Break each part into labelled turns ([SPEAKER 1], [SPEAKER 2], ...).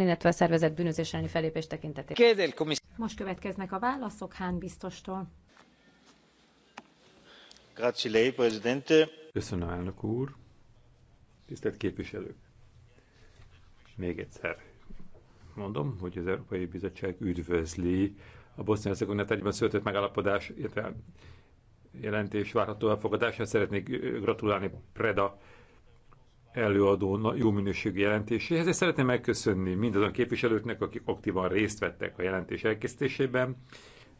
[SPEAKER 1] illetve a szervezet bűnözés elleni felépés tekintetében.
[SPEAKER 2] Most következnek a válaszok Hán biztostól.
[SPEAKER 3] Köszönöm, elnök úr. Tisztelt képviselők! Még egyszer mondom, hogy az Európai Bizottság üdvözli a bosznia herzegovina tárgyban született megállapodás, illetve jelentés várható elfogadását. Szeretnék gratulálni Preda előadó jó minőségű jelentéséhez, és szeretném megköszönni mindazon képviselőknek, akik aktívan részt vettek a jelentés elkészítésében,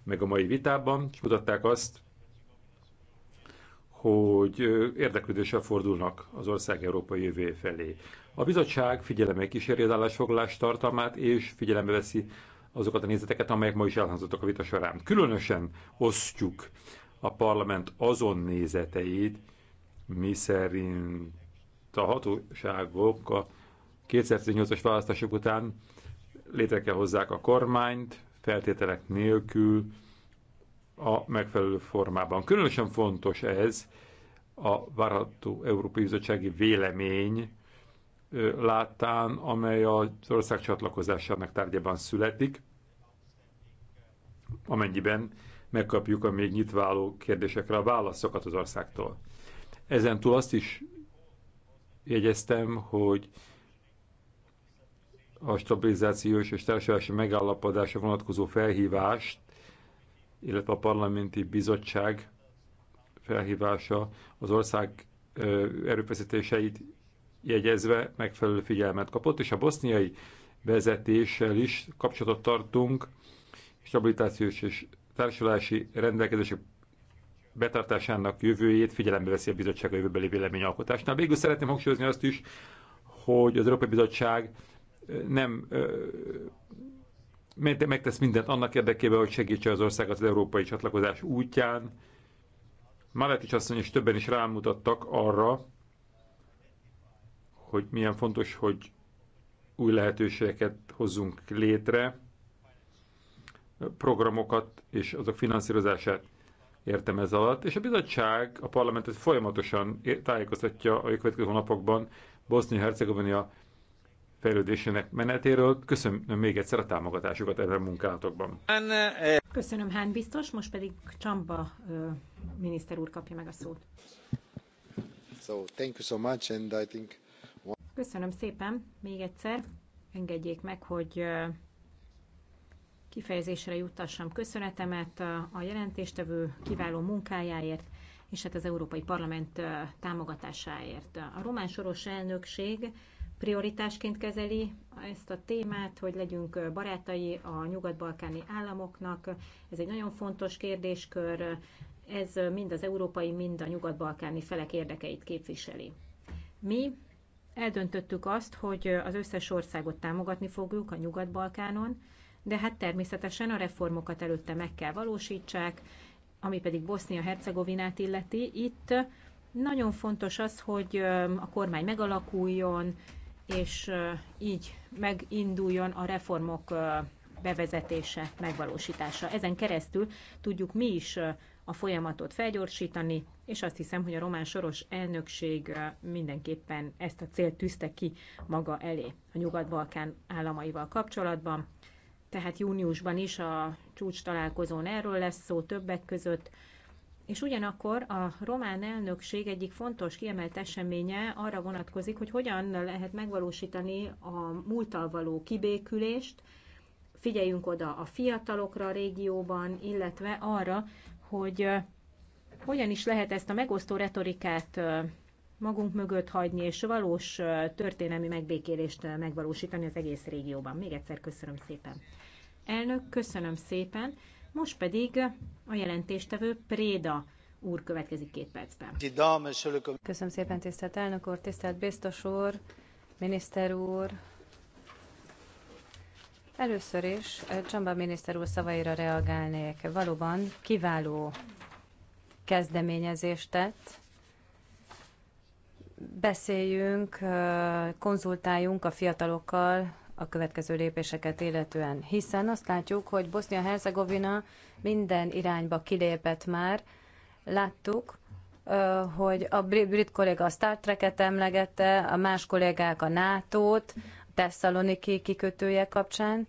[SPEAKER 3] meg a mai vitában, és mutatták azt, hogy érdeklődéssel fordulnak az ország európai jövő felé. A bizottság figyelemmel kíséri az állásfoglalás tartalmát, és figyelembe veszi azokat a nézeteket, amelyek ma is elhangzottak a vita során. Különösen osztjuk a parlament azon nézeteit, mi szerint a hatóságok a 2018-as választások után létre kell hozzák a kormányt, feltételek nélkül a megfelelő formában. Különösen fontos ez a várható Európai Bizottsági vélemény láttán, amely az ország csatlakozásának tárgyában születik, amennyiben megkapjuk a még nyitváló kérdésekre a válaszokat az országtól. Ezen túl azt is jegyeztem, hogy a stabilizációs és társadalmi megállapodásra vonatkozó felhívást, illetve a parlamenti bizottság felhívása az ország erőfeszítéseit jegyezve megfelelő figyelmet kapott, és a boszniai vezetéssel is kapcsolatot tartunk, stabilizációs és társulási rendelkezések betartásának jövőjét figyelembe veszi a bizottság a jövőbeli véleményalkotásnál. Végül szeretném hangsúlyozni azt is, hogy az Európai Bizottság nem megtesz mindent annak érdekében, hogy segítse az országot az európai csatlakozás útján. Maletics asszony és többen is rámutattak arra, hogy milyen fontos, hogy új lehetőségeket hozzunk létre, programokat és azok finanszírozását értem ez alatt, és a bizottság a parlamentet folyamatosan tájékoztatja a következő hónapokban Bosznia-Hercegovina fejlődésének menetéről. Köszönöm még egyszer a támogatásukat ezen a munkálatokban.
[SPEAKER 2] Köszönöm, Hán biztos, most pedig Csamba miniszter úr kapja meg a szót.
[SPEAKER 3] So, thank you so much, and I think...
[SPEAKER 2] Köszönöm szépen, még egyszer. Engedjék meg, hogy kifejezésre juttassam köszönetemet a jelentéstevő kiváló munkájáért, és hát az Európai Parlament támogatásáért. A román soros elnökség prioritásként kezeli ezt a témát, hogy legyünk barátai a nyugat-balkáni államoknak. Ez egy nagyon fontos kérdéskör, ez mind az európai, mind a nyugat-balkáni felek érdekeit képviseli. Mi eldöntöttük azt, hogy az összes országot támogatni fogjuk a nyugat-balkánon, de hát természetesen a reformokat előtte meg kell valósítsák, ami pedig Bosznia-Hercegovinát illeti. Itt nagyon fontos az, hogy a kormány megalakuljon, és így meginduljon a reformok bevezetése, megvalósítása. Ezen keresztül tudjuk mi is a folyamatot felgyorsítani, és azt hiszem, hogy a román soros elnökség mindenképpen ezt a célt tűzte ki maga elé a Nyugat-Balkán államaival kapcsolatban tehát júniusban is a csúcs találkozón erről lesz szó többek között, és ugyanakkor a román elnökség egyik fontos kiemelt eseménye arra vonatkozik, hogy hogyan lehet megvalósítani a múltal való kibékülést, figyeljünk oda a fiatalokra a régióban, illetve arra, hogy eh, hogyan is lehet ezt a megosztó retorikát eh, magunk mögött hagyni, és valós történelmi megbékélést megvalósítani az egész régióban. Még egyszer köszönöm szépen. Elnök, köszönöm szépen. Most pedig a
[SPEAKER 1] jelentéstevő Préda úr következik két percben. Köszönöm szépen, tisztelt elnök úr, tisztelt biztos úr, miniszter úr. Először is Csamba miniszter úr szavaira reagálnék. Valóban kiváló kezdeményezést tett beszéljünk, konzultáljunk a fiatalokkal a következő lépéseket illetően, hiszen azt látjuk, hogy Bosznia-Hercegovina minden irányba kilépett már. Láttuk, hogy a brit kolléga a Star Trek-et emlegette, a más kollégák a NATO-t, a Thessaloniki kikötője kapcsán,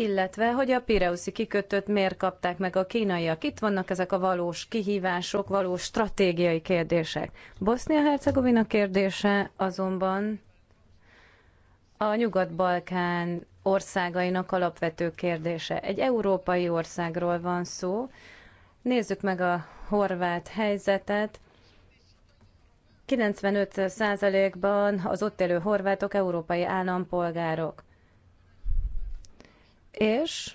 [SPEAKER 1] illetve hogy a Pireuszi kikötőt miért kapták meg a kínaiak. Itt vannak ezek a valós kihívások, valós stratégiai kérdések. Bosznia-Hercegovina kérdése azonban a Nyugat-Balkán országainak alapvető kérdése. Egy európai országról van szó. Nézzük meg a horvát helyzetet. 95%-ban az ott élő horvátok európai állampolgárok. És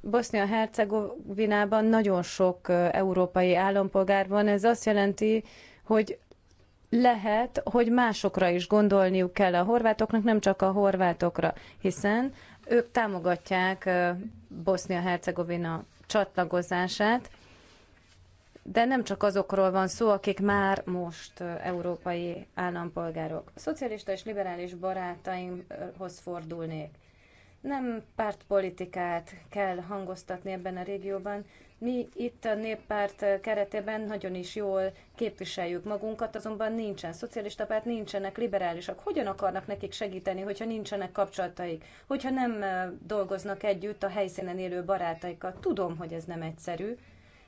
[SPEAKER 1] Bosznia-Hercegovinában nagyon sok európai állampolgár van. Ez azt jelenti, hogy lehet, hogy másokra is gondolniuk kell a horvátoknak, nem csak a horvátokra, hiszen ők támogatják Bosznia-Hercegovina csatlakozását, de nem csak azokról van szó, akik már most európai állampolgárok. Szocialista és liberális barátaimhoz fordulnék nem pártpolitikát kell hangoztatni ebben a régióban. Mi itt a néppárt keretében nagyon is jól képviseljük magunkat, azonban nincsen szocialista párt, nincsenek liberálisak. Hogyan akarnak nekik segíteni, hogyha nincsenek kapcsolataik, hogyha nem dolgoznak együtt a helyszínen élő barátaikkal? Tudom, hogy ez nem egyszerű,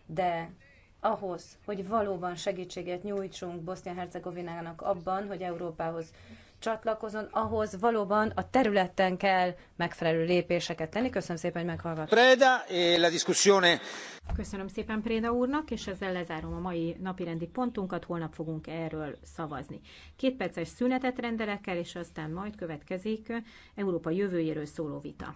[SPEAKER 1] de ahhoz, hogy valóban segítséget nyújtsunk Bosznia-Hercegovinának abban, hogy Európához csatlakozon, ahhoz valóban a területen kell megfelelő lépéseket tenni. Köszönöm szépen, hogy meghallgat.
[SPEAKER 3] Preda, e la discussione.
[SPEAKER 1] Köszönöm szépen Préda úrnak, és ezzel lezárom a mai napirendi pontunkat, holnap fogunk
[SPEAKER 2] erről szavazni. Két perces szünetet rendelek el, és aztán majd következik Európa jövőjéről szóló vita.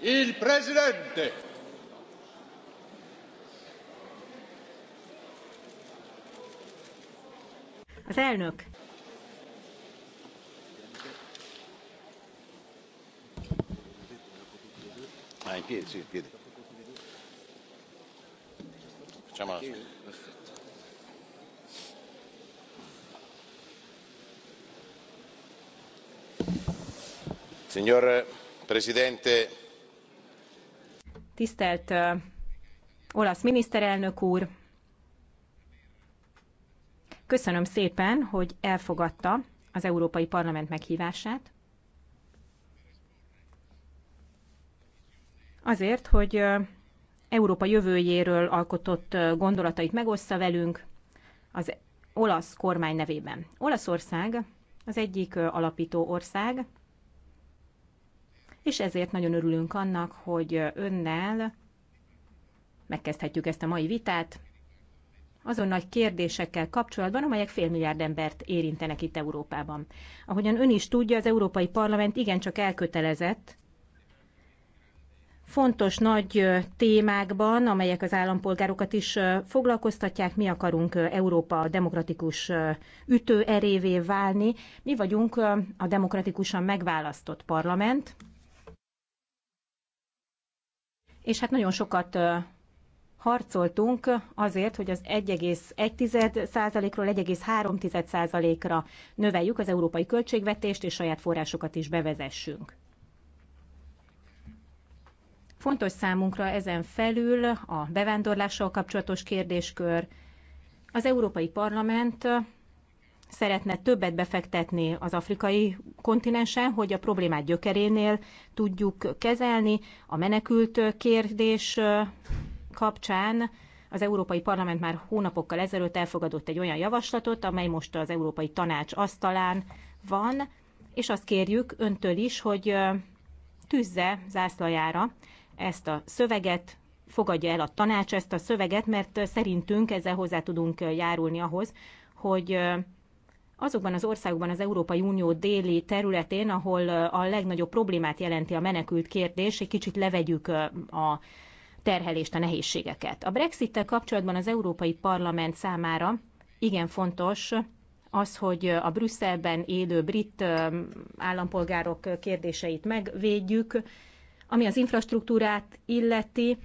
[SPEAKER 3] Il presidente. Az elnök. Hány ah, in piedi, sì, piedi. Signor Presidente
[SPEAKER 2] Tisztelt olasz miniszterelnök úr, köszönöm szépen, hogy elfogadta az Európai Parlament meghívását. Azért, hogy Európa jövőjéről alkotott gondolatait megossza velünk az olasz kormány nevében. Olaszország az egyik alapító ország és ezért nagyon örülünk annak, hogy önnel megkezdhetjük ezt a mai vitát azon nagy kérdésekkel kapcsolatban, amelyek félmilliárd embert érintenek itt Európában. Ahogyan ön is tudja, az Európai Parlament igencsak elkötelezett fontos nagy témákban, amelyek az állampolgárokat is foglalkoztatják, mi akarunk Európa demokratikus ütőerévé válni. Mi vagyunk a demokratikusan megválasztott parlament, és hát nagyon sokat harcoltunk azért, hogy az 1,1%-ról 1,3%-ra növeljük az európai költségvetést, és saját forrásokat is bevezessünk. Fontos számunkra ezen felül a bevándorlással kapcsolatos kérdéskör. Az Európai Parlament szeretne többet befektetni az afrikai kontinensen, hogy a problémát gyökerénél tudjuk kezelni. A menekült kérdés kapcsán az Európai Parlament már hónapokkal ezelőtt elfogadott egy olyan javaslatot, amely most az Európai Tanács asztalán van, és azt kérjük öntől is, hogy tűzze zászlajára ezt a szöveget, fogadja el a tanács ezt a szöveget, mert szerintünk ezzel hozzá tudunk járulni ahhoz, hogy azokban az országokban az Európai Unió déli területén, ahol a legnagyobb problémát jelenti a menekült kérdés, egy kicsit levegyük a terhelést, a nehézségeket. A Brexit-tel kapcsolatban az Európai Parlament számára igen fontos az, hogy a Brüsszelben élő brit állampolgárok kérdéseit megvédjük, ami az infrastruktúrát illeti,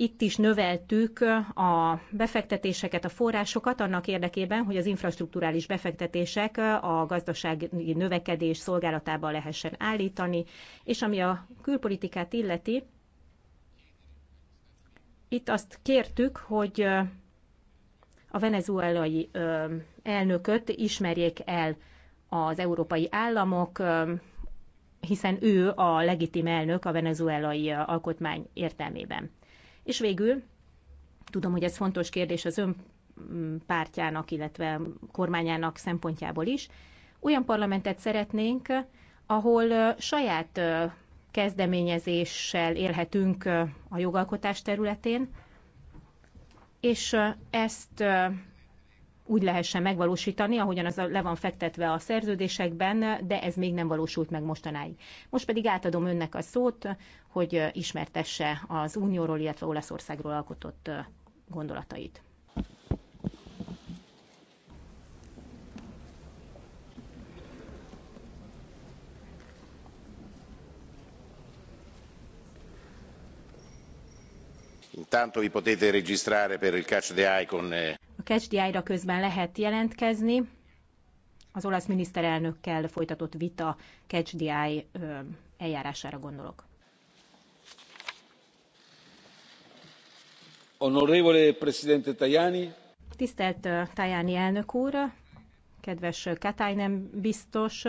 [SPEAKER 2] itt is növeltük a befektetéseket, a forrásokat annak érdekében, hogy az infrastruktúrális befektetések a gazdasági növekedés szolgálatába lehessen állítani, és ami a külpolitikát illeti, itt azt kértük, hogy a venezuelai elnököt ismerjék el az európai államok, hiszen ő a legitim elnök a venezuelai alkotmány értelmében. És végül, tudom, hogy ez fontos kérdés az ön mm, pártjának, illetve kormányának szempontjából is, olyan parlamentet szeretnénk, ahol saját kezdeményezéssel élhetünk a jogalkotás területén, és ezt úgy lehessen megvalósítani, ahogyan az le van fektetve a szerződésekben, de ez még nem valósult meg mostanáig. Most pedig átadom önnek a szót, hogy ismertesse az Unióról, illetve Olaszországról alkotott gondolatait.
[SPEAKER 3] intanto vi potete registrare per il catch the eye con. Eh,
[SPEAKER 2] Kecsdiájra közben lehet jelentkezni. Az olasz miniszterelnökkel folytatott vita Kecsdiáj eljárására gondolok.
[SPEAKER 3] Onorevole Presidente Tajani.
[SPEAKER 2] Tisztelt Tajani elnök úr, kedves Katainen biztos,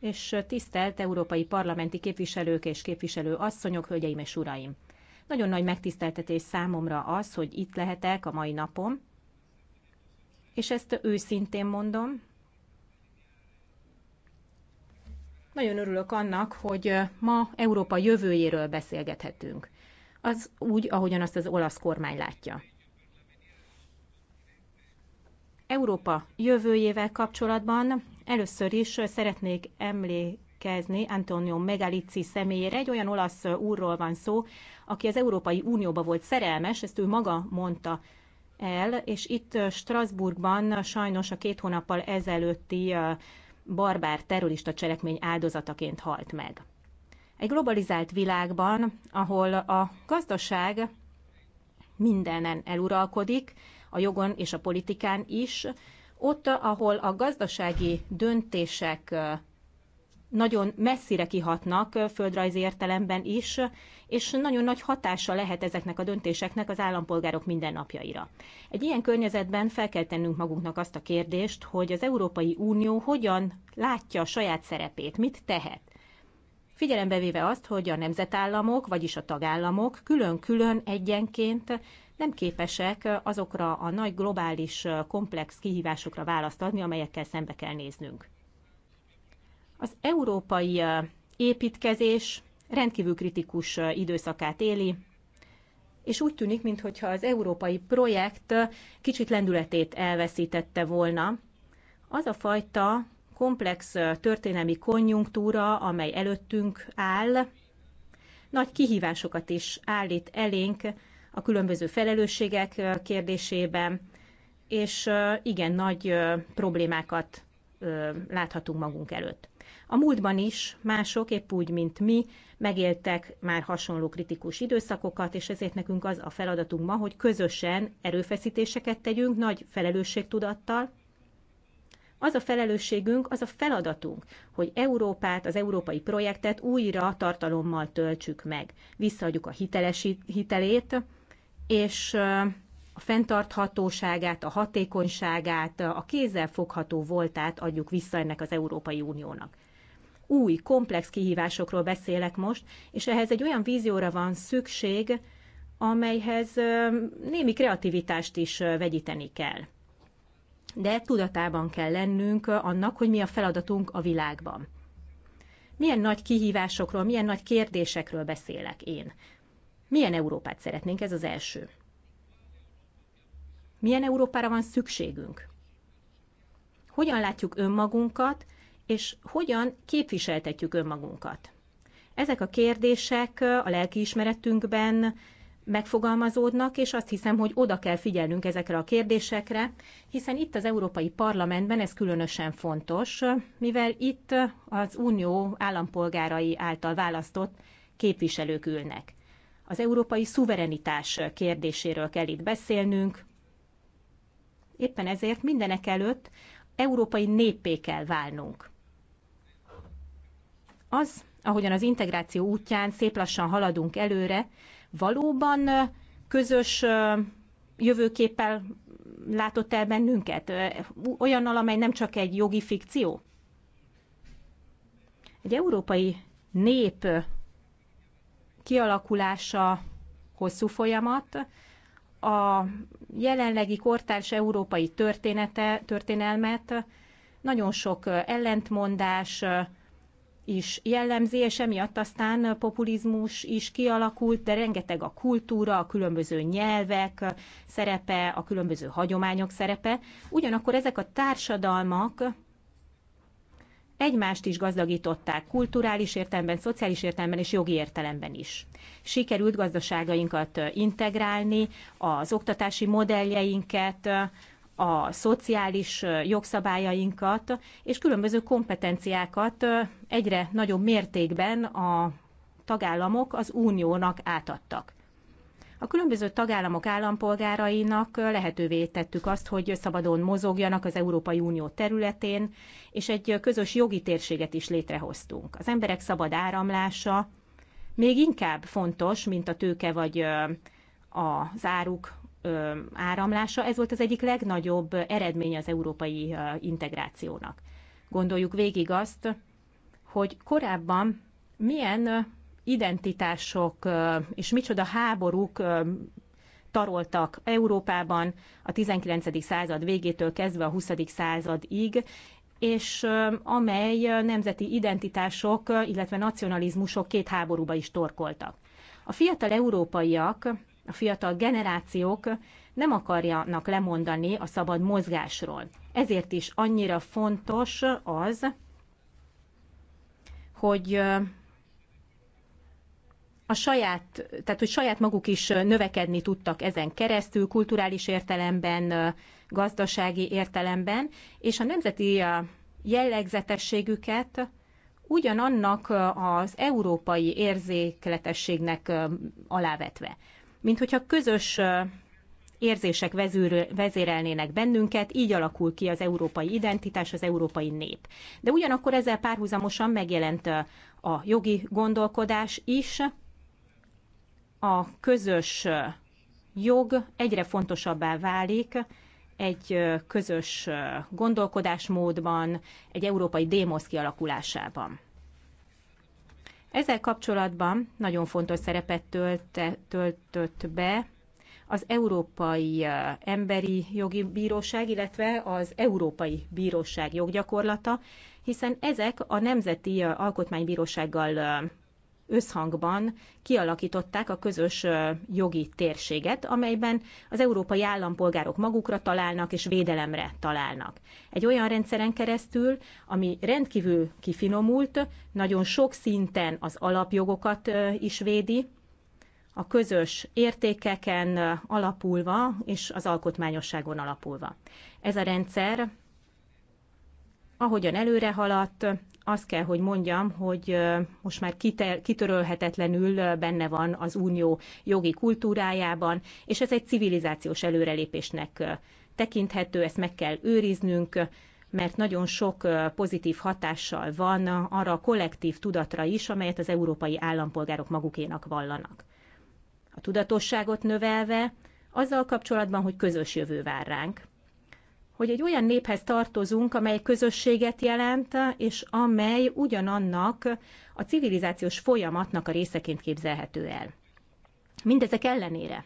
[SPEAKER 2] és tisztelt európai parlamenti képviselők és képviselő asszonyok, hölgyeim és uraim! Nagyon nagy megtiszteltetés számomra az, hogy itt lehetek a mai napon, és ezt őszintén mondom. Nagyon örülök annak, hogy ma Európa jövőjéről beszélgethetünk. Az úgy, ahogyan azt az olasz kormány látja. Európa jövőjével kapcsolatban először is szeretnék emlékezni Antonio Megalici személyére. Egy olyan olasz úrról van szó, aki az Európai Unióba volt szerelmes, ezt ő maga mondta el, és itt Strasbourgban sajnos a két hónappal ezelőtti barbár terrorista cselekmény áldozataként halt meg. Egy globalizált világban, ahol a gazdaság mindenen eluralkodik, a jogon és a politikán is, ott, ahol a gazdasági döntések nagyon messzire kihatnak földrajzi értelemben is, és nagyon nagy hatása lehet ezeknek a döntéseknek az állampolgárok mindennapjaira. Egy ilyen környezetben fel kell tennünk magunknak azt a kérdést, hogy az Európai Unió hogyan látja a saját szerepét, mit tehet. Figyelembe véve azt, hogy a nemzetállamok, vagyis a tagállamok külön-külön egyenként nem képesek azokra a nagy globális komplex kihívásokra választ adni, amelyekkel szembe kell néznünk. Az európai építkezés rendkívül kritikus időszakát éli, és úgy tűnik, mintha az európai projekt kicsit lendületét elveszítette volna. Az a fajta komplex történelmi konjunktúra, amely előttünk áll, nagy kihívásokat is állít elénk a különböző felelősségek kérdésében, és igen nagy problémákat láthatunk magunk előtt. A múltban is mások, épp úgy, mint mi, megéltek már hasonló kritikus időszakokat, és ezért nekünk az a feladatunk ma, hogy közösen erőfeszítéseket tegyünk, nagy felelősségtudattal, az a felelősségünk, az a feladatunk, hogy Európát, az európai projektet újra tartalommal töltsük meg. Visszaadjuk a hitelesi, hitelét, és a fenntarthatóságát, a hatékonyságát, a fogható voltát adjuk vissza ennek az Európai Uniónak új, komplex kihívásokról beszélek most, és ehhez egy olyan vízióra van szükség, amelyhez némi kreativitást is vegyíteni kell. De tudatában kell lennünk annak, hogy mi a feladatunk a világban. Milyen nagy kihívásokról, milyen nagy kérdésekről beszélek én? Milyen Európát szeretnénk? Ez az első. Milyen Európára van szükségünk? Hogyan látjuk önmagunkat, és hogyan képviseltetjük önmagunkat. Ezek a kérdések a lelkiismeretünkben megfogalmazódnak, és azt hiszem, hogy oda kell figyelnünk ezekre a kérdésekre, hiszen itt az Európai Parlamentben ez különösen fontos, mivel itt az Unió állampolgárai által választott képviselők ülnek. Az európai szuverenitás kérdéséről kell itt beszélnünk. Éppen ezért mindenek előtt európai néppé kell válnunk az, ahogyan az integráció útján szép lassan haladunk előre, valóban közös jövőképpel látott el bennünket? Olyannal, amely nem csak egy jogi fikció? Egy európai nép kialakulása hosszú folyamat, a jelenlegi kortárs európai története, történelmet nagyon sok ellentmondás, is jellemzi, és emiatt aztán populizmus is kialakult, de rengeteg a kultúra, a különböző nyelvek szerepe, a különböző hagyományok szerepe. Ugyanakkor ezek a társadalmak egymást is gazdagították kulturális értelemben, szociális értelemben és jogi értelemben is. Sikerült gazdaságainkat integrálni, az oktatási modelljeinket, a szociális jogszabályainkat, és különböző kompetenciákat egyre nagyobb mértékben a tagállamok az uniónak átadtak. A különböző tagállamok állampolgárainak lehetővé tettük azt, hogy szabadon mozogjanak az Európai Unió területén, és egy közös jogi térséget is létrehoztunk. Az emberek szabad áramlása még inkább fontos, mint a tőke vagy az áruk áramlása, ez volt az egyik legnagyobb eredménye az európai integrációnak. Gondoljuk végig azt, hogy korábban milyen identitások és micsoda háborúk taroltak Európában a 19. század végétől kezdve a 20. századig, és amely nemzeti identitások, illetve nacionalizmusok két háborúba is torkoltak. A fiatal európaiak a fiatal generációk nem akarjanak lemondani a szabad mozgásról. Ezért is annyira fontos az, hogy a saját, tehát hogy saját maguk is növekedni tudtak ezen keresztül, kulturális értelemben, gazdasági értelemben, és a nemzeti jellegzetességüket ugyanannak az európai érzékletességnek alávetve mint hogyha közös érzések vezérelnének bennünket, így alakul ki az európai identitás, az európai nép. De ugyanakkor ezzel párhuzamosan megjelent a jogi gondolkodás is, a közös jog egyre fontosabbá válik egy közös gondolkodásmódban, egy európai démosz kialakulásában. Ezzel kapcsolatban nagyon fontos szerepet töltött be az Európai Emberi Jogi Bíróság, illetve az Európai Bíróság joggyakorlata, hiszen ezek a Nemzeti Alkotmánybírósággal összhangban kialakították a közös jogi térséget, amelyben az európai állampolgárok magukra találnak és védelemre találnak. Egy olyan rendszeren keresztül, ami rendkívül kifinomult, nagyon sok szinten az alapjogokat is védi, a közös értékeken alapulva és az alkotmányosságon alapulva. Ez a rendszer ahogyan előre haladt, azt kell, hogy mondjam, hogy most már kitörölhetetlenül benne van az unió jogi kultúrájában, és ez egy civilizációs előrelépésnek tekinthető, ezt meg kell őriznünk, mert nagyon sok pozitív hatással van arra a kollektív tudatra is, amelyet az európai állampolgárok magukénak vallanak. A tudatosságot növelve, azzal kapcsolatban, hogy közös jövő vár ránk, hogy egy olyan néphez tartozunk, amely közösséget jelent, és amely ugyanannak a civilizációs folyamatnak a részeként képzelhető el. Mindezek ellenére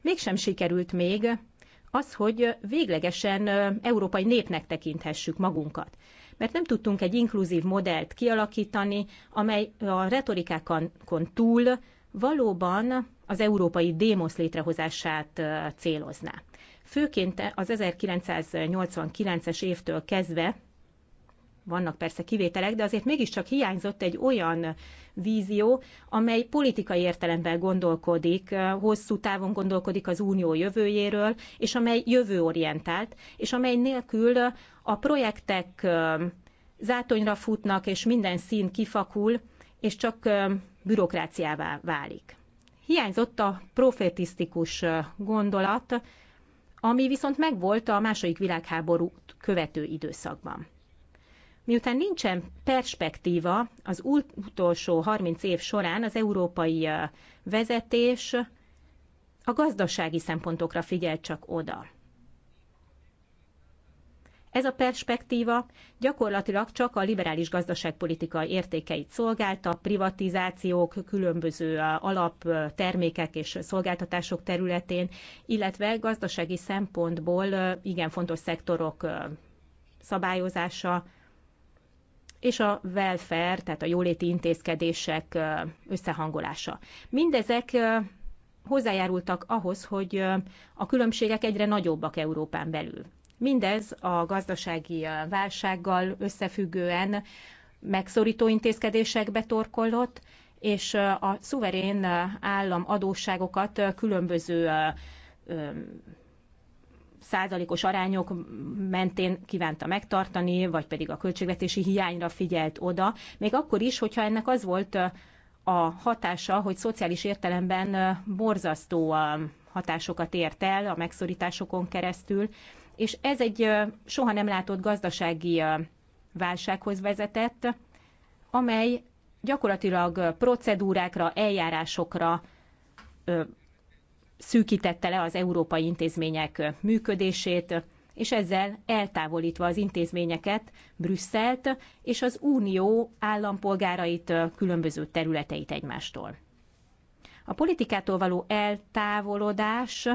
[SPEAKER 2] mégsem sikerült még az, hogy véglegesen európai népnek tekinthessük magunkat. Mert nem tudtunk egy inkluzív modellt kialakítani, amely a retorikákon túl valóban az európai démosz létrehozását célozná. Főként az 1989-es évtől kezdve, vannak persze kivételek, de azért mégiscsak hiányzott egy olyan vízió, amely politikai értelemben gondolkodik, hosszú távon gondolkodik az unió jövőjéről, és amely jövőorientált, és amely nélkül a projektek zátonyra futnak, és minden szín kifakul, és csak bürokráciává válik. Hiányzott a profetisztikus gondolat, ami viszont megvolt a második világháború követő időszakban. Miután nincsen perspektíva az utolsó 30 év során az európai vezetés a gazdasági szempontokra figyel csak oda. Ez a perspektíva gyakorlatilag csak a liberális gazdaságpolitika értékeit szolgálta, privatizációk, különböző alaptermékek és szolgáltatások területén, illetve gazdasági szempontból igen fontos szektorok szabályozása, és a welfare, tehát a jóléti intézkedések összehangolása. Mindezek hozzájárultak ahhoz, hogy a különbségek egyre nagyobbak Európán belül. Mindez a gazdasági válsággal összefüggően megszorító intézkedésekbe torkollott, és a szuverén állam adósságokat különböző százalékos arányok mentén kívánta megtartani, vagy pedig a költségvetési hiányra figyelt oda, még akkor is, hogyha ennek az volt a hatása, hogy szociális értelemben borzasztó hatásokat ért el a megszorításokon keresztül, és ez egy soha nem látott gazdasági válsághoz vezetett, amely gyakorlatilag procedúrákra, eljárásokra szűkítette le az európai intézmények működését, és ezzel eltávolítva az intézményeket, Brüsszelt és az unió állampolgárait, különböző területeit egymástól. A politikától való eltávolodás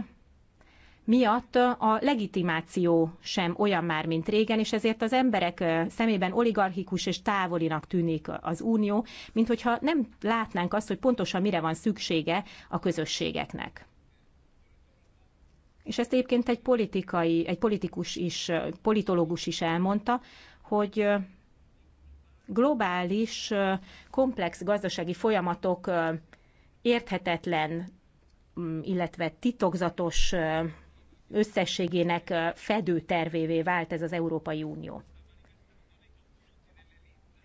[SPEAKER 2] miatt a legitimáció sem olyan már, mint régen, és ezért az emberek szemében oligarchikus és távolinak tűnik az unió, mint hogyha nem látnánk azt, hogy pontosan mire van szüksége a közösségeknek. És ezt egyébként egy politikai, egy politikus is, politológus is elmondta, hogy globális, komplex gazdasági folyamatok érthetetlen, mm, illetve titokzatos összességének fedő tervévé vált ez az Európai Unió.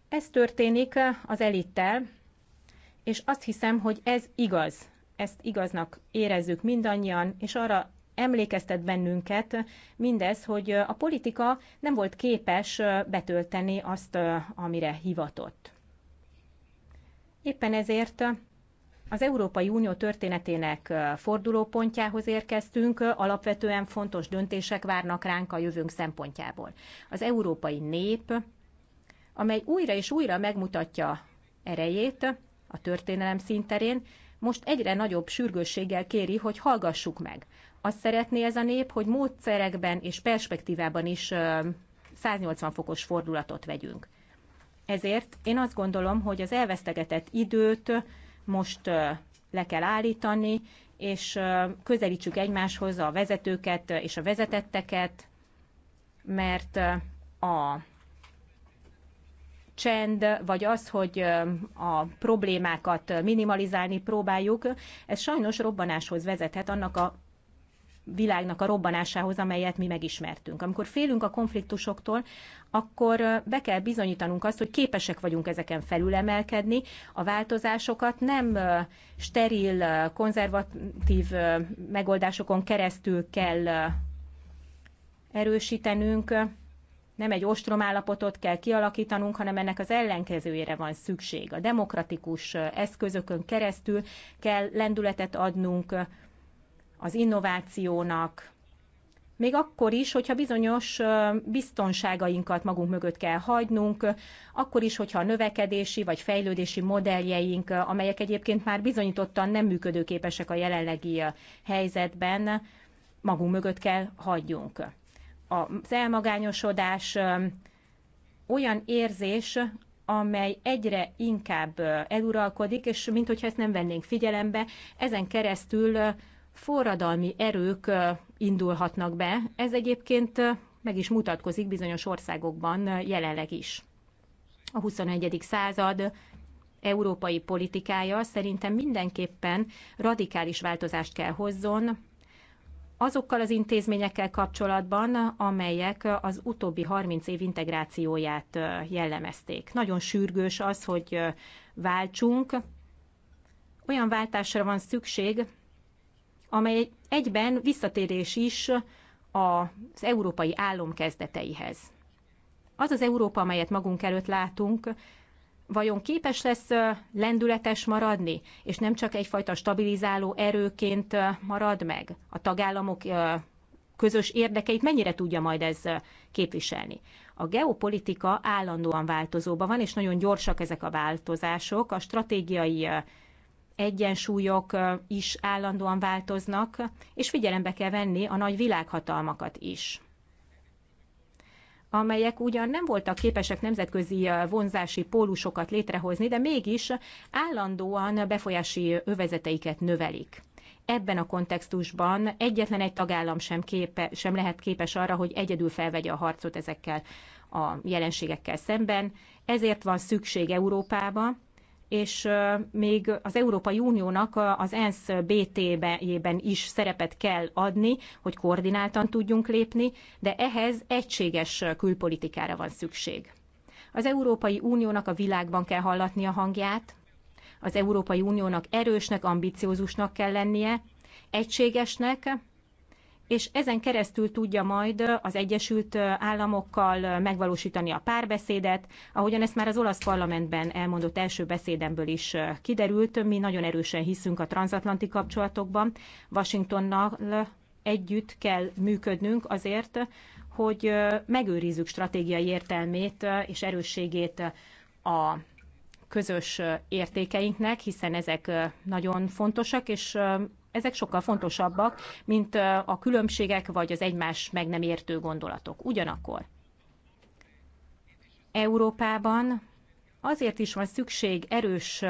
[SPEAKER 2] Ez történik az elittel, és azt hiszem, hogy ez igaz. Ezt igaznak érezzük mindannyian, és arra emlékeztet bennünket mindez, hogy a politika nem volt képes betölteni azt, amire hivatott. Éppen ezért az Európai Unió történetének fordulópontjához érkeztünk, alapvetően fontos döntések várnak ránk a jövőnk szempontjából. Az európai nép, amely újra és újra megmutatja erejét a történelem szinterén, most egyre nagyobb sürgősséggel kéri, hogy hallgassuk meg. Azt szeretné ez a nép, hogy módszerekben és perspektívában is 180 fokos fordulatot vegyünk. Ezért én azt gondolom, hogy az elvesztegetett időt most le kell állítani, és közelítsük egymáshoz a vezetőket és a vezetetteket, mert a csend, vagy az, hogy a problémákat minimalizálni próbáljuk, ez sajnos robbanáshoz vezethet annak a világnak a robbanásához, amelyet mi megismertünk. Amikor félünk a konfliktusoktól, akkor be kell bizonyítanunk azt, hogy képesek vagyunk ezeken felülemelkedni, a változásokat nem steril, konzervatív megoldásokon keresztül kell erősítenünk, nem egy ostromállapotot kell kialakítanunk, hanem ennek az ellenkezőjére van szükség. A demokratikus eszközökön keresztül kell lendületet adnunk az innovációnak, még akkor is, hogyha bizonyos biztonságainkat magunk mögött kell hagynunk, akkor is, hogyha a növekedési vagy fejlődési modelljeink, amelyek egyébként már bizonyítottan nem működőképesek a jelenlegi helyzetben, magunk mögött kell hagyjunk. Az elmagányosodás olyan érzés, amely egyre inkább eluralkodik, és minthogyha ezt nem vennénk figyelembe, ezen keresztül forradalmi erők indulhatnak be. Ez egyébként meg is mutatkozik bizonyos országokban jelenleg is. A 21. század európai politikája szerintem mindenképpen radikális változást kell hozzon azokkal az intézményekkel kapcsolatban, amelyek az utóbbi 30 év integrációját jellemezték. Nagyon sürgős az, hogy váltsunk. Olyan váltásra van szükség, amely egyben visszatérés is az európai állom kezdeteihez. Az az Európa, amelyet magunk előtt látunk, vajon képes lesz lendületes maradni, és nem csak egyfajta stabilizáló erőként marad meg? A tagállamok közös érdekeit mennyire tudja majd ez képviselni? A geopolitika állandóan változóban van, és nagyon gyorsak ezek a változások. A stratégiai egyensúlyok is állandóan változnak, és figyelembe kell venni a nagy világhatalmakat is amelyek ugyan nem voltak képesek nemzetközi vonzási pólusokat létrehozni, de mégis állandóan befolyási övezeteiket növelik. Ebben a kontextusban egyetlen egy tagállam sem, képe, sem lehet képes arra, hogy egyedül felvegye a harcot ezekkel a jelenségekkel szemben. Ezért van szükség Európába, és még az Európai Uniónak az ENSZ BT-ben is szerepet kell adni, hogy koordináltan tudjunk lépni, de ehhez egységes külpolitikára van szükség. Az Európai Uniónak a világban kell hallatni a hangját, az Európai Uniónak erősnek, ambiciózusnak kell lennie, egységesnek, és ezen keresztül tudja majd az Egyesült Államokkal megvalósítani a párbeszédet, ahogyan ezt már az olasz parlamentben elmondott első beszédemből is kiderült, mi nagyon erősen hiszünk a transatlanti kapcsolatokban, Washingtonnal együtt kell működnünk azért, hogy megőrizzük stratégiai értelmét és erősségét a közös értékeinknek, hiszen ezek nagyon fontosak, és ezek sokkal fontosabbak, mint a különbségek vagy az egymás meg nem értő gondolatok. Ugyanakkor Európában azért is van szükség erős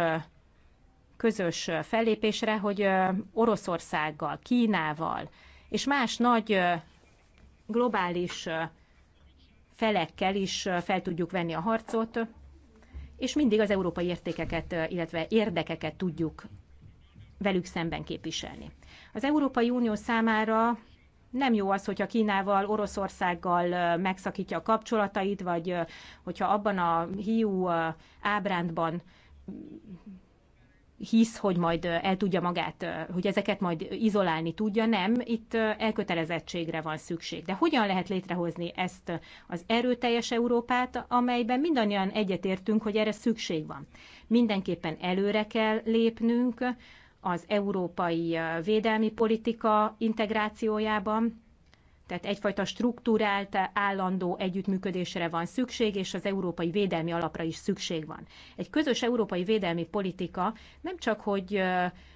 [SPEAKER 2] közös fellépésre, hogy Oroszországgal, Kínával és más nagy globális felekkel is fel tudjuk venni a harcot, és mindig az európai értékeket, illetve érdekeket tudjuk velük szemben képviselni. Az Európai Unió számára nem jó az, hogyha Kínával, Oroszországgal megszakítja a kapcsolatait, vagy hogyha abban a hiú ábrándban hisz, hogy majd el tudja magát, hogy ezeket majd izolálni tudja, nem, itt elkötelezettségre van szükség. De hogyan lehet létrehozni ezt az erőteljes Európát, amelyben mindannyian egyetértünk, hogy erre szükség van. Mindenképpen előre kell lépnünk az európai védelmi politika integrációjában, tehát egyfajta struktúrált, állandó együttműködésre van szükség, és az európai védelmi alapra is szükség van. Egy közös európai védelmi politika nem csak, hogy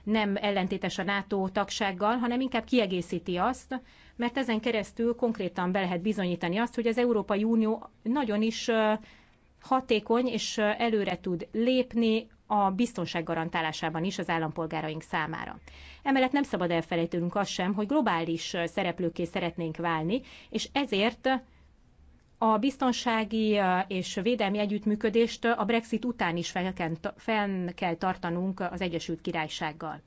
[SPEAKER 2] nem ellentétes a NATO tagsággal, hanem inkább kiegészíti azt, mert ezen keresztül konkrétan be lehet bizonyítani azt, hogy az Európai Unió nagyon is hatékony és előre tud lépni a biztonság garantálásában is az állampolgáraink számára. Emellett nem szabad elfelejtőnünk azt sem, hogy globális szereplőké szeretnénk válni, és ezért a biztonsági és védelmi együttműködést a Brexit után is fenn kell tartanunk az Egyesült Királysággal.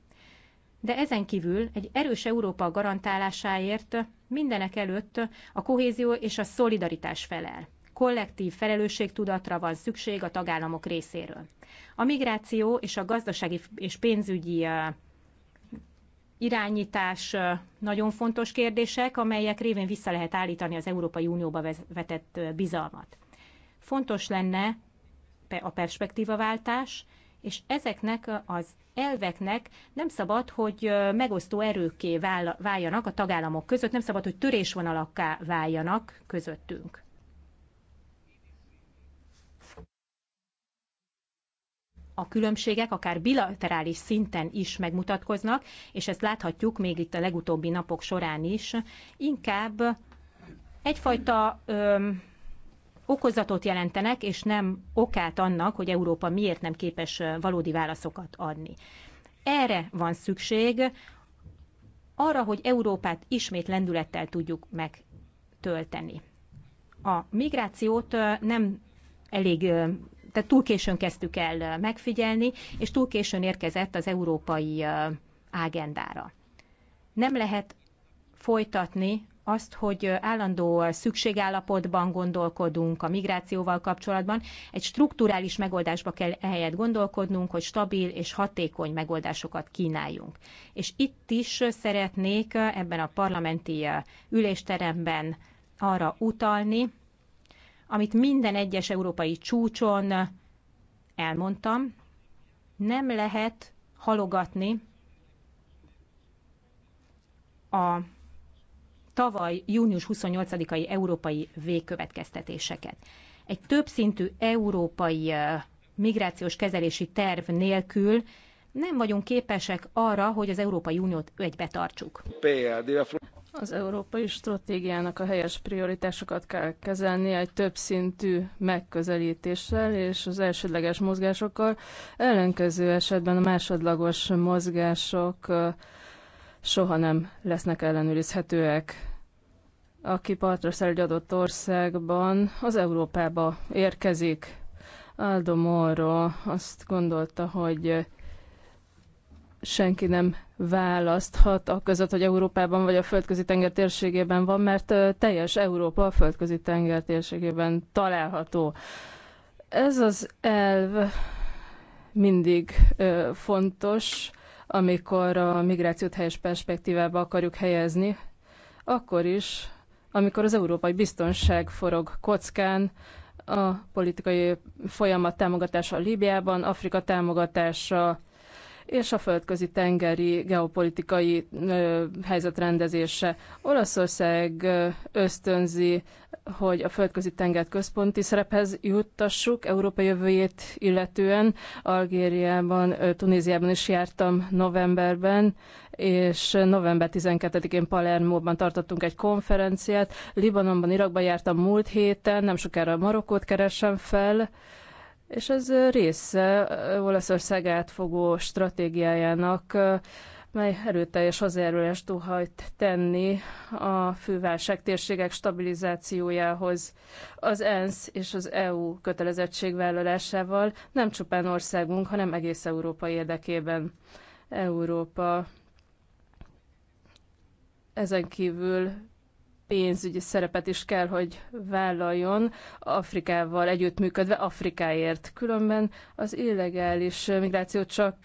[SPEAKER 2] De ezen kívül egy erős Európa garantálásáért mindenek előtt a kohézió és a szolidaritás felel kollektív felelősségtudatra van szükség a tagállamok részéről. A migráció és a gazdasági és pénzügyi irányítás nagyon fontos kérdések, amelyek révén vissza lehet állítani az Európai Unióba vetett bizalmat. Fontos lenne a perspektívaváltás, és ezeknek az elveknek nem szabad, hogy megosztó erőké váljanak a tagállamok között, nem szabad, hogy törésvonalakká váljanak közöttünk. a különbségek akár bilaterális szinten is megmutatkoznak, és ezt láthatjuk még itt a legutóbbi napok során is. Inkább egyfajta öm, okozatot jelentenek, és nem okát annak, hogy Európa miért nem képes valódi válaszokat adni. Erre van szükség, arra, hogy Európát ismét lendülettel tudjuk megtölteni. A migrációt nem elég tehát túl későn kezdtük el megfigyelni, és túl későn érkezett az európai ágendára. Nem lehet folytatni azt, hogy állandó szükségállapotban gondolkodunk a migrációval kapcsolatban, egy strukturális megoldásba kell ehelyett gondolkodnunk, hogy stabil és hatékony megoldásokat kínáljunk. És itt is szeretnék ebben a parlamenti ülésteremben arra utalni, amit minden egyes európai csúcson elmondtam, nem lehet halogatni a tavaly június 28-ai európai végkövetkeztetéseket. Egy többszintű európai migrációs kezelési terv nélkül nem vagyunk képesek arra, hogy az
[SPEAKER 4] Európai Uniót egybe tartsuk. Az európai stratégiának a helyes prioritásokat kell kezelni, egy többszintű megközelítéssel és az elsődleges mozgásokkal, ellenkező esetben a másodlagos mozgások soha nem lesznek ellenőrizhetőek. Aki partra egy adott országban, az Európába érkezik. Aldo Moro azt gondolta, hogy senki nem választhat a között, hogy Európában vagy a földközi tenger térségében van, mert teljes Európa a földközi tenger térségében található. Ez az elv mindig fontos, amikor a migrációt helyes perspektívába akarjuk helyezni, akkor is, amikor az európai biztonság forog kockán, a politikai folyamat támogatása Líbiában, Afrika támogatása és a földközi tengeri geopolitikai helyzet rendezése. Olaszország ösztönzi, hogy a földközi tengert központi szerephez juttassuk Európa jövőjét illetően. Algériában, Tunéziában is jártam novemberben, és november 12-én Palermóban tartottunk egy konferenciát. Libanonban, Irakban jártam múlt héten, nem sokára Marokkót keresem fel, és ez része Olaszország átfogó stratégiájának, mely erőteljes hozzájárulást óhajt tenni a főválság térségek stabilizációjához. Az ENSZ és az EU kötelezettségvállalásával nem csupán országunk, hanem egész Európa érdekében. Európa ezen kívül pénzügyi szerepet is kell, hogy vállaljon Afrikával együttműködve Afrikáért. Különben az illegális migráció csak